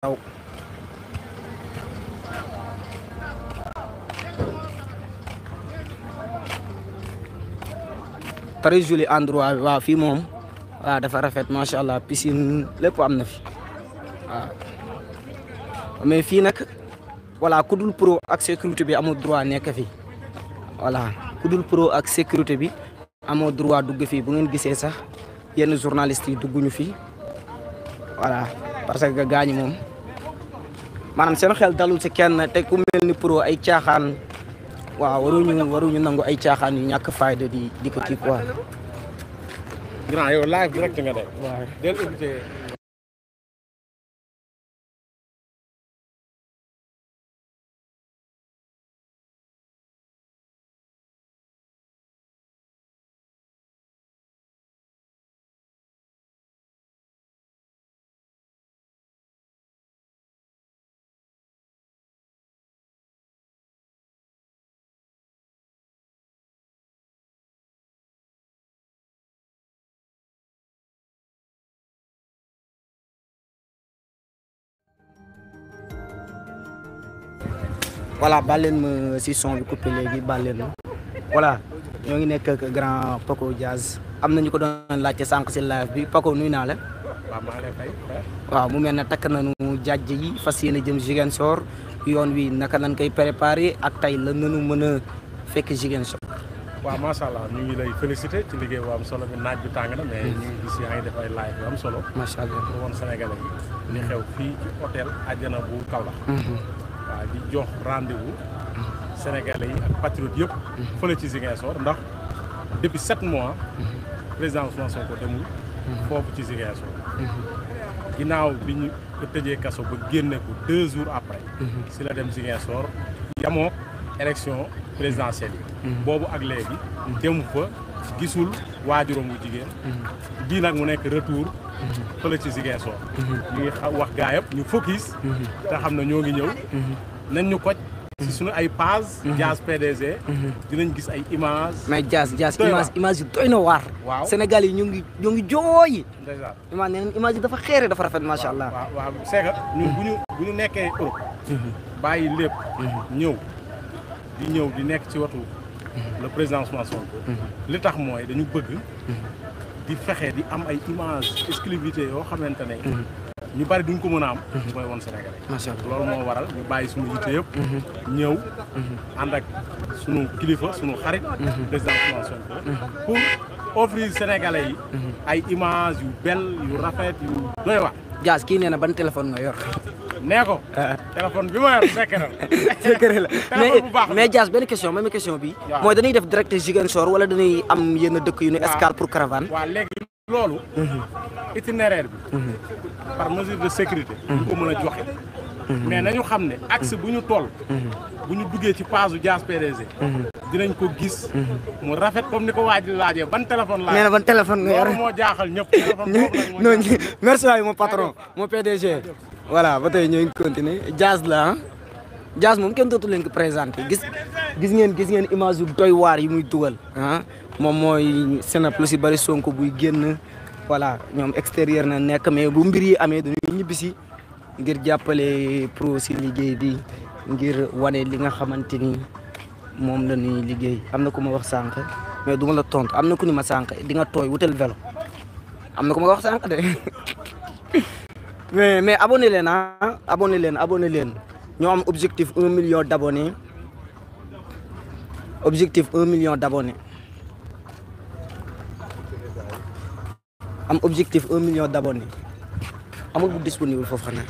out. très joli endroit bi waaw fii moom waaw dafa rafet macha allah piscine lépp am na fi waaw mais fii nag voilà ku dul pro ak sécurité bi amoo droit nekk fi voilà ku dul pro ak sécurité bi amoo droit dugg fii bu ngeen gisee sax yenn journalistes yi dugguñu fi voilà parce que gaañi moom. maanaam seen xel dalul si kenn te ku mel ni pro ay caaxaan waaw waruñu waruñu nangu ay caaxaan yu ñàkk fayda di di ko kii quoi. voilà baal leen ma si son bi coupé léegi baal leen ma voilà ñoo ngi nekk ak grand Paco Diaz am na ñu ko doon laajte sànq si live bi Paco nuy naa la. waaw maa ngi fay waaw mu mel ne takk nañu jàjj yi fas yéene jëm soor yoon wi naka lañ koy préparé ak tey la nañu mën a fekk Ziguinchor. waaw macha allah ñu ngi lay félicité ci liggéey bu am solo bi naaj bi tàng na ñu ngi gis yaa ngi bu am solo. macha allah pour woon Sénégalais yi. waaw di jox rendez-vous sénégalais yi ak patriotes yëpp fële ci Ziguinchor ndax depuis sept mois président Ousmane Sonko demul foofu ci Ziguinchor ginnaaw bi ñu ko tëjee kaso ba génne ko deux jours après si la dem Ziguinchor yamoo élection présidentielle mm-hmm. boobu ak léegi mm-hmm. demu fa gisul waajuram bu jigéen mm-hmm. bii nag mu nekk retour fële ci Ziguinchor ñu ngi wax gaa yëpp ñu focus te xam na ñoo ngi ñëw nañ ñu koj si suñu ay page Diaz PDG dinañ gis ay image mais Diaz Diaz image image yi doy na waar waaw Sénégal yi ñu ngi ñoo ngi jooyi image neen image yi dafa xeere dafa rafet macha allah waaw waaw bu ñu bu ñu nekkee Europe bàyyi lépp ñëw di ñëw di nekk ci watu le président Ousmane mhm. li tax mooy dañu bëgg mhm. di fexe di am ay image exclusivité yoo xamante ne mhm. ñu bari duñ ko mën a am mooy woon Sénégal loolu moo waral ñu bàyyi suñu yitte yëpp ñëw ànd ak suñu kilifa suñu xarit président Ousmane Sonko pour offrir Sénégalais yi ay image yu belle yu rafet yu doy waar gaz kii nee na ban téléphone nga yor nee ko. Ah, ah. téléphone bi ma yor secret la. secret la mais mais Diaz benn question même question bi. waaw mooy dañuy def direct Ziguinchor wala dañuy am yenn dëkk yu ne. escale pour caravane. waaw léegi loolu. Mhm. itinéraire bi. Mhm. par mesure de sécurité. Mhm. du ko mën a joxe. mais nañu xam ne axe bu ñu toll. bu ñu duggee ci paasu Diaz PDG. dinañ ko gis. mu rafet comme ni ko waa ji laajee ban téléphone laa. nee na ban téléphone nga moo jaaxal ñëpp. téléphone boobu la ñu merci waay mon patron voilà ba tey ñoo ngi continuer jazz la ah jazz moom kenn dootu leen ko présenté gis gis ngeen gis ngeen image yu doy waar yi muy dugal ah moom mooy Sénap lu si bëri Sonko buy génn voilà ñoom extérieur na nekk mais bu mbir yi amee dañuy ñibbisi ngir jàppale pro si liggéey bi ngir wane li nga xamante ni moom la ñuy liggéey am na ku ma wax sànq mais du ma la tontu am na ku ni ma sànq di nga tooy wutal vélo am na ku ma wax sànq de mais mais abonné leen ah abonné leen abonné leen ñoo am objectif un million d' objectif un million d' am objectif un million d' abonnés amul bu disponible foofu xanaa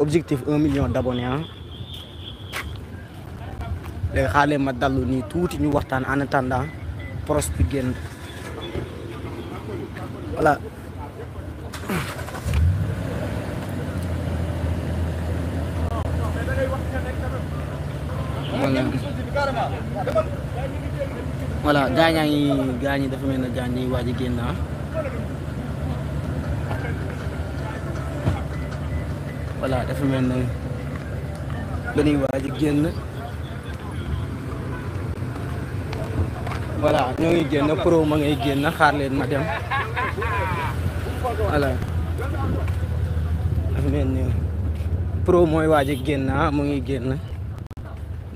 objectif un million d' abonnés ah xaale ma dallu nii tuuti ñu waxtaan en attendant pros bi génn voilà voilà gaañaa ngi gaañ yi dafa mel ne gaañ yi waaj a génn ah. voilà dafa mel ne waaj génn voilà ñoo ngi génn pro ma ngay génn xaar leen ma dem voilà am ni pro mooy waaj a génn ah, mu ngi génn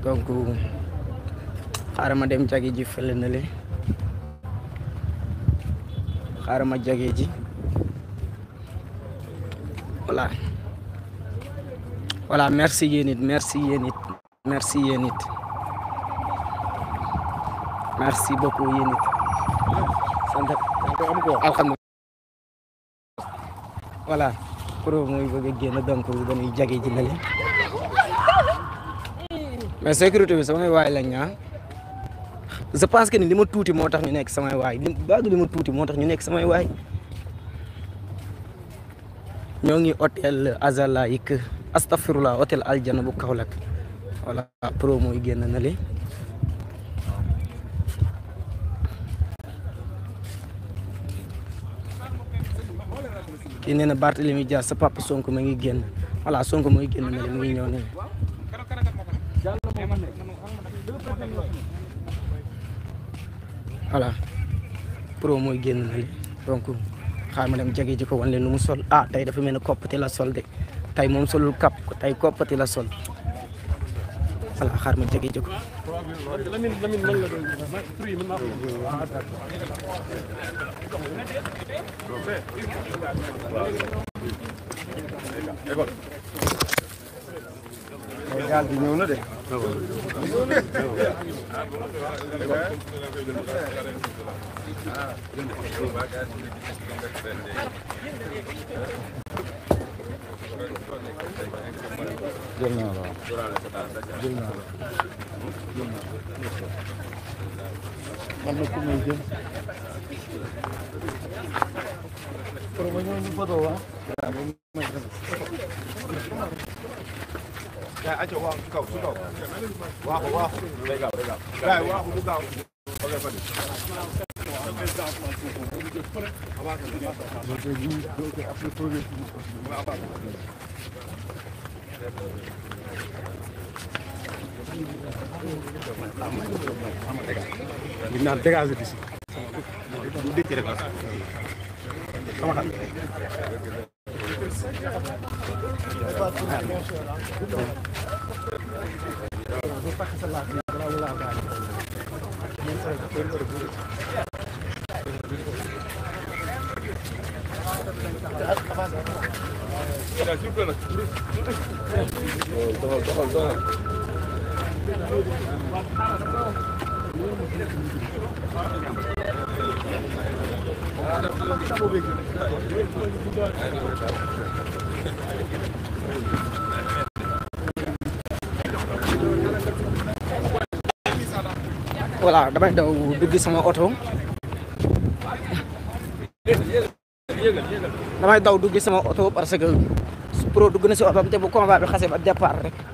donc ma dem jage ji fële na le ma jage ji voilà voilà merci yéen merci yéen merci yéen merci beaucoup yéen it sant alhamdulilah voilà kuréel génn donc dañuy jage ji na mais sécurité bi samay waay lañ ñaa ah. pense que ni li ma tuuti moo tax ñu nekk samay waay li li ma tuuti moo tax ñu nekk samay waay ñoo ngi hôtel Azalaïk astafirullah hôtel Aljana bu Kaolack voilà promo yi génn na kii nee na Barthélemy jaar sa papa sonk ma ngi génn voilà sonk mooy ngi génn ne mu ngi ñëw ne voilà pro mooy génn na li donc xaar ma dem jege ji ko wan leen lu mu sol ah tey dafa mel ni koppati la sol de tey moom solul kap tey koppati la sol voilà xaar ma jege jëkk gaal bi ñëw na de jël naa la jël naa la man na ku may jël pour ma ñëw ñu foto wa yaa aco waaw ci kaw ci kaw waaxu waaxu day gaaw day gaaw waaxu bu gaaw Thank you. ñu naan dégager bi si. Ya şurada bırak. Tamam tamam tamam. voilà damay daw dugg sama oto damay daw dugg sama oto parce que pro dugg na si oto te bu convoi bi xasee ba départ rek